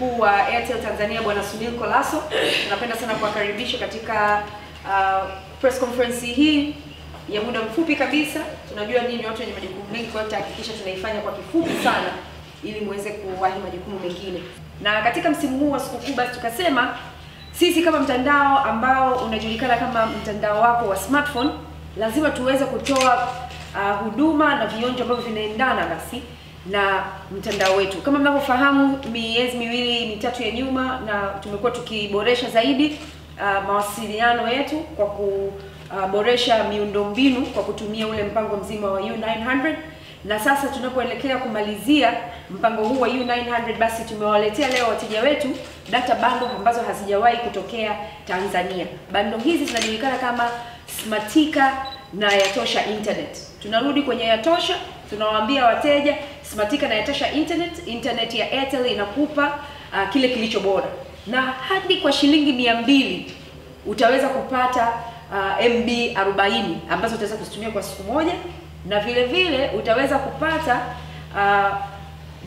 mkuu wa Airtel Tanzania Bwana Sunil Kolaso, tunapenda sana kuwakaribisha katika uh, press conference hii ya muda mfupi kabisa. Tunajua nyinyi watu wenye majukumu mengi, kwa hiyo tutahakikisha tunaifanya kwa kifupi sana ili muweze kuwahi majukumu mengine. Na katika msimu huu wa sikukuu, basi tukasema sisi kama mtandao ambao unajulikana kama mtandao wako wa smartphone, lazima tuweze kutoa uh, huduma na vionjo ambavyo vinaendana basi na mtandao wetu. Kama mnavyofahamu, miezi miwili mitatu ya nyuma, na tumekuwa tukiboresha zaidi uh, mawasiliano yetu kwa kuboresha uh, miundombinu kwa kutumia ule mpango mzima wa U900 na sasa tunapoelekea kumalizia mpango huu wa U900 basi tumewaletea leo wateja wetu data bando ambazo hazijawahi kutokea Tanzania. Bando hizi zinajulikana kama Smartika na Yatosha Internet. Tunarudi kwenye Yatosha, tunawaambia wateja Smartika naitesha internet, internet ya Airtel inakupa uh, kile kilicho bora, na hadi kwa shilingi mia mbili utaweza kupata uh, MB 40 ambazo utaweza kuzitumia kwa siku moja, na vile vile utaweza kupata uh,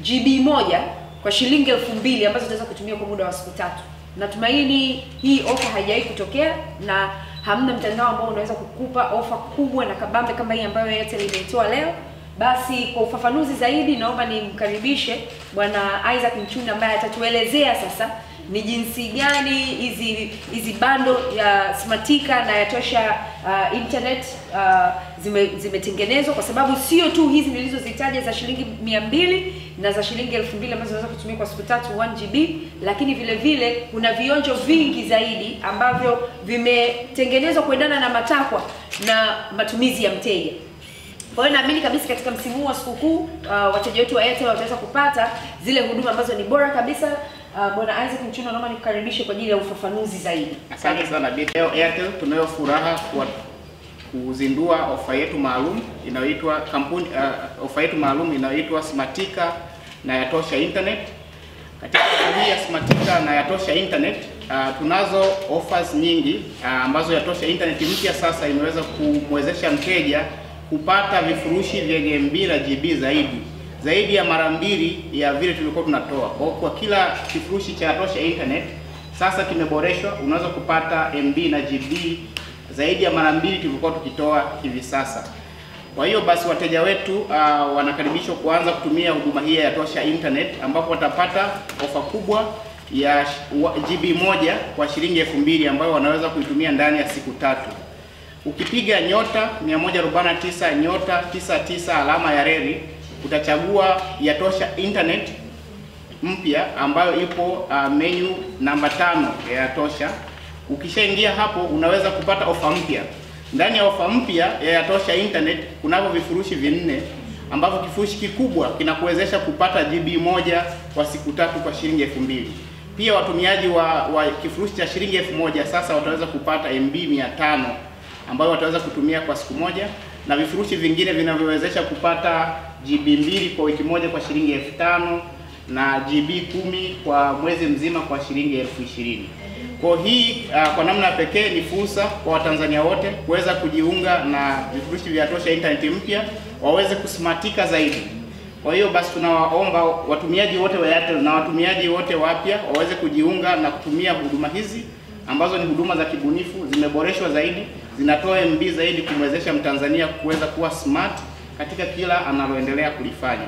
GB moja kwa shilingi elfu mbili ambazo utaweza kutumia kwa muda wa siku tatu. Natumaini hii ofa haijawahi kutokea na hamna mtandao ambao unaweza kukupa ofa kubwa na kabambe kama hii ambayo Airtel imeitoa leo. Basi kwa ufafanuzi zaidi, naomba nimkaribishe Bwana Isaac Mchuni ambaye atatuelezea sasa ni jinsi gani hizi hizi bando ya Smartika na Yatosha uh, internet uh, zimetengenezwa kwa sababu sio tu hizi nilizozitaja za shilingi mia mbili na za shilingi elfu mbili ambazo zinaweza kutumia kwa siku tatu 1 GB, lakini vile vile kuna vionjo vingi zaidi ambavyo vimetengenezwa kuendana na matakwa na matumizi ya mteja. Kwa hiyo naamini kabisa katika msimu huu wa sikukuu uh, wateja wetu wa Airtel wataweza kupata zile huduma ambazo ni bora kabisa. Uh, Bwana Isaac Mchuno, naomba nikukaribishe kwa ajili ya ufafanuzi zaidi. Asante sana Bi. Leo Airtel tunayo furaha kwa kuzindua ofa yetu maalum inayoitwa kampuni uh, ofa yetu maalum inayoitwa Smartika na Yatosha Internet. Katika hii ya Smartika na Yatosha Internet uh, tunazo offers nyingi uh, ambazo Yatosha Internet mpya sasa imeweza kumwezesha mteja kupata vifurushi vyenye mbira GB zaidi zaidi ya mara mbili ya vile tulikuwa tunatoa. Kwa kwa kila kifurushi cha Tosha Internet sasa kimeboreshwa, unaweza kupata MB na GB zaidi ya mara mbili tulikuwa tukitoa hivi sasa. Kwa hiyo basi wateja wetu uh, wanakaribishwa kuanza kutumia huduma hii ya Tosha Internet ambapo watapata ofa kubwa ya GB moja kwa shilingi elfu mbili ambayo wanaweza kuitumia ndani ya siku tatu. Ukipiga nyota 149 nyota 99 alama ya reli utachagua Yatosha Internet mpya ambayo ipo uh, menu namba tano ya Yatosha. Ukishaingia hapo, unaweza kupata ofa mpya. Ndani ya ofa mpya ya Yatosha Internet kunavyo vifurushi vinne ambavyo kifurushi kikubwa kinakuwezesha kupata GB moja kwa siku tatu kwa shilingi elfu mbili. Pia watumiaji wa, wa kifurushi cha shilingi elfu moja sasa wataweza kupata MB mia tano ambayo wataweza kutumia kwa siku moja, na vifurushi vingine vinavyowezesha kupata GB mbili kwa wiki moja kwa shilingi elfu tano na GB kumi kwa mwezi mzima kwa shilingi elfu ishirini. Kwa hii uh, kwa namna pekee ni fursa kwa Watanzania wote kuweza kujiunga na vifurushi vya Tosha intaneti mpya waweze kusmatika zaidi. Kwa hiyo basi, tunawaomba watumiaji wote wa Airtel na watumiaji wote wapya waweze kujiunga na kutumia huduma hizi ambazo ni huduma za kibunifu, zimeboreshwa zaidi zinatoa MB zaidi kumwezesha Mtanzania kuweza kuwa smart katika kila analoendelea kulifanya.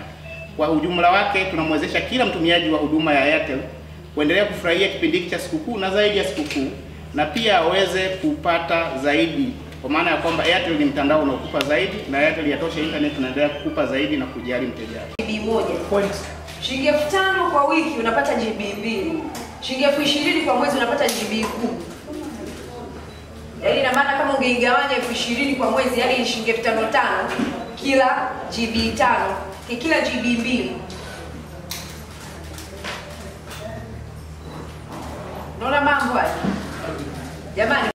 Kwa ujumla wake, tunamwezesha kila mtumiaji wa huduma ya Airtel kuendelea kufurahia kipindi hiki cha sikukuu na zaidi ya sikukuu, na pia aweze kupata zaidi, kwa maana ya kwamba Airtel ni mtandao unaokupa zaidi, na Airtel yatosha internet inaendelea kukupa zaidi na kujali mteja wako. Shilingi elfu tano kwa wiki unapata GB mbili, shilingi elfu ishirini kwa mwezi unapata GB kumi yaani ina maana kama ungeigawanya elfu ishirini kwa mwezi yaani ni shilingi elfu tano tano kila gb tano kila gb mbili unaona mambo haya jamani